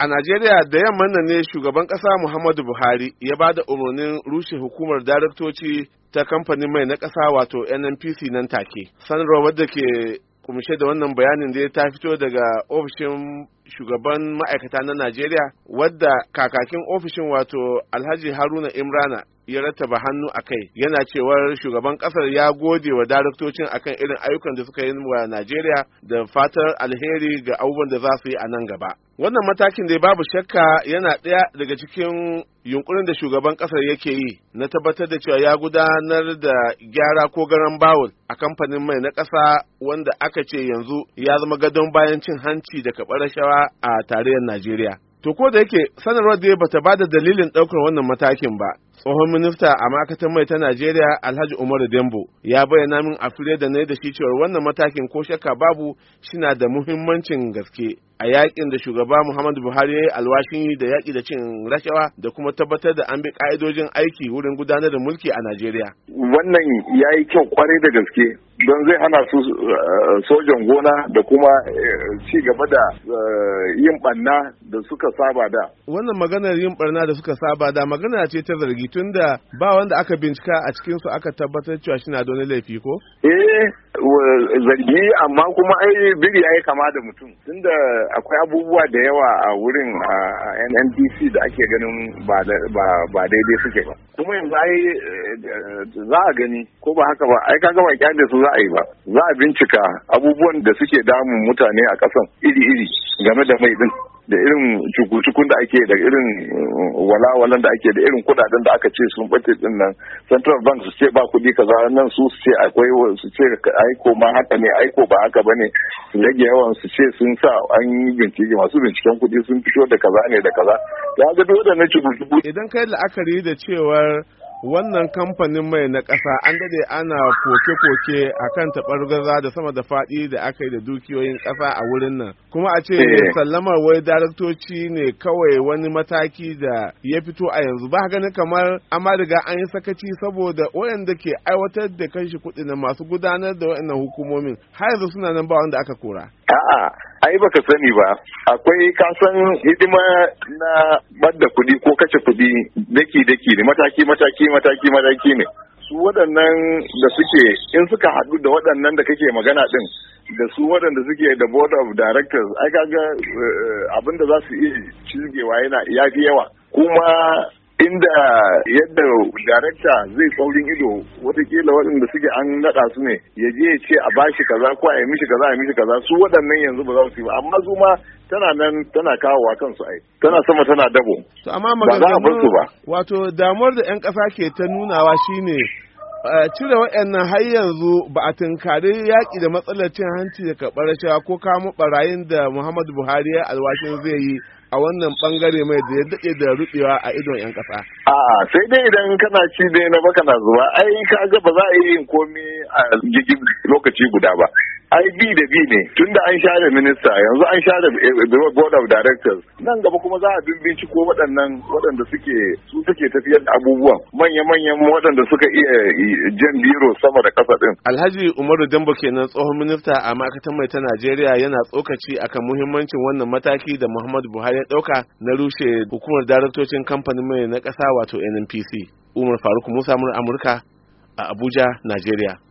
A Najeriya da yamma nan ne shugaban ƙasa Muhammadu Buhari ya ba da umarnin rushe hukumar daraktoci ta kamfanin mai na ƙasa wato NNPC nan take. Sanarwar wadda ke kumshe da wannan bayanin da ta fito daga ofishin shugaban ma'aikata na Najeriya wadda kakakin ofishin wato Alhaji Haruna Imrana ya rattaba hannu a kai yana cewar shugaban kasar ya gode wa daraktocin akan irin ayyukan da suka yi wa najeriya da fatar alheri ga abubuwan da za su yi a nan gaba wannan matakin da babu shakka yana ɗaya daga cikin yunkurin da shugaban ƙasar yake yi na tabbatar da cewa ya gudanar da gyara ko garan bawul a kamfanin mai na ƙasa wanda aka ce yanzu ya zama gadon bayan cin hanci da kaɓar rashawa a tarayyar najeriya To ko da yake sanarwar da bata ba da dalilin ɗaukar wannan matakin ba, tsohon minista a ma'aikatar mai ta Najeriya Alhaji Umaru Dembo ya bayyana min a fire da na da shi cewa wannan matakin ko shakka babu shina da muhimmancin gaske a yakin da shugaba Muhammadu Buhari ya yi alwashin da yaƙi da cin rashawa da kuma tabbatar da an bi ƙa'idojin aiki wurin gudanar da mulki a Najeriya. Wannan ya yi kyau kwarai da gaske don zai hana su eh, sojan gona da kuma eh, ci gaba da eh, yin barna da suka saba da. Wannan maganar yin barna da suka saba da magana ce ta zargi tun da ba wanda aka bincika a cikin su aka tabbatar cewa shi na da wani laifi ko? Eh zargi amma kuma ai biri ya kama da mutum tunda akwai abubuwa da yawa a wurin nndc da ake ganin ba daidai suke ba kuma yanzu ai za a gani ko ba haka ba ai kaga ba kyan da su za a ba za a bincika abubuwan da suke damun mutane a ƙasan iri-iri game da mai din da irin da ake da irin uh, walawalan da ake da irin kudaden da aka ce sun bace din nan central bank su ce ba kudi kaza nan su su ce akwai su ce aiko ma haka ne aiko ba haka bane su rage yawan su ce sun sa an yi bincike masu binciken kudi sun fito da kaza ne da kaza ya ga dole na cukucuku idan kai la'akari da cewar wannan kamfanin mai na ƙasa an dade ana koke-koke a kan taɓargaza da sama da faɗi da aka yi da dukiyoyin ƙasa a wurin nan kuma a ce eh. sallamar wai daraktoci ne kawai wani mataki da ya fito a yanzu ba ganin kamar amma riga an yi sakaci saboda waɗanda ke aiwatar da kashi kuɗi na masu gudanar da waɗannan hukumomin har yanzu suna nan ba wanda aka kora. A'a ai baka sani ba akwai kasan hidima na bada kuɗi ko kashe kuɗi daki daki ne mataki mataki mataki mataki ne su waɗannan da suke in suka haɗu da waɗannan da kake magana ɗin da su waɗanda suke da board of directors ai kaga eh, eh, abin da za su iya cizgewa yana yafi yawa kuma inda yadda darakta zai saurin ido watakila waɗanda suke an naɗa su ne ya je ya ce a bashi kaza ko a yi mishi kaza a yi mishi kaza su waɗannan yanzu ba za su yi ba amma su ma tana nan tana kawo wa kansu ai tana sama tana dabo Ba za a bar su ba wato damuwar da yan ƙasa ke ta nunawa shine cire waɗannan har yanzu ba a tunkari yaƙi da matsalar cin hanci da karɓar rashawa ko kamo ɓarayin da muhammadu buhari ya alwashin zai yi a wannan ɓangare mai da ya daɗe da rubewa a idon 'yan ƙasa. a sai dai idan kana ci dai na baka na zuwa ai ka ga ba za a yi yin komi a lokaci guda ba ai bi da bi ne tun da an share minista yanzu an share eh, eh, board of directors nan gaba kuma za a bimbinci ko waɗannan waɗanda suke su suke tafiyar da abubuwan manya-manyan waɗanda suka iya eh, jan biro sama da ƙasa ɗin. Alhaji Umaru Dambo kenan tsohon minista a ma'aikatar mai ta Najeriya yana tsokaci akan muhimmancin wannan mataki da Muhammadu Buhari ya ɗauka na rushe hukumar daraktocin kamfanin mai na ƙasa wato NNPC. Umar Faruk Musa Amurka a Abuja, Najeriya.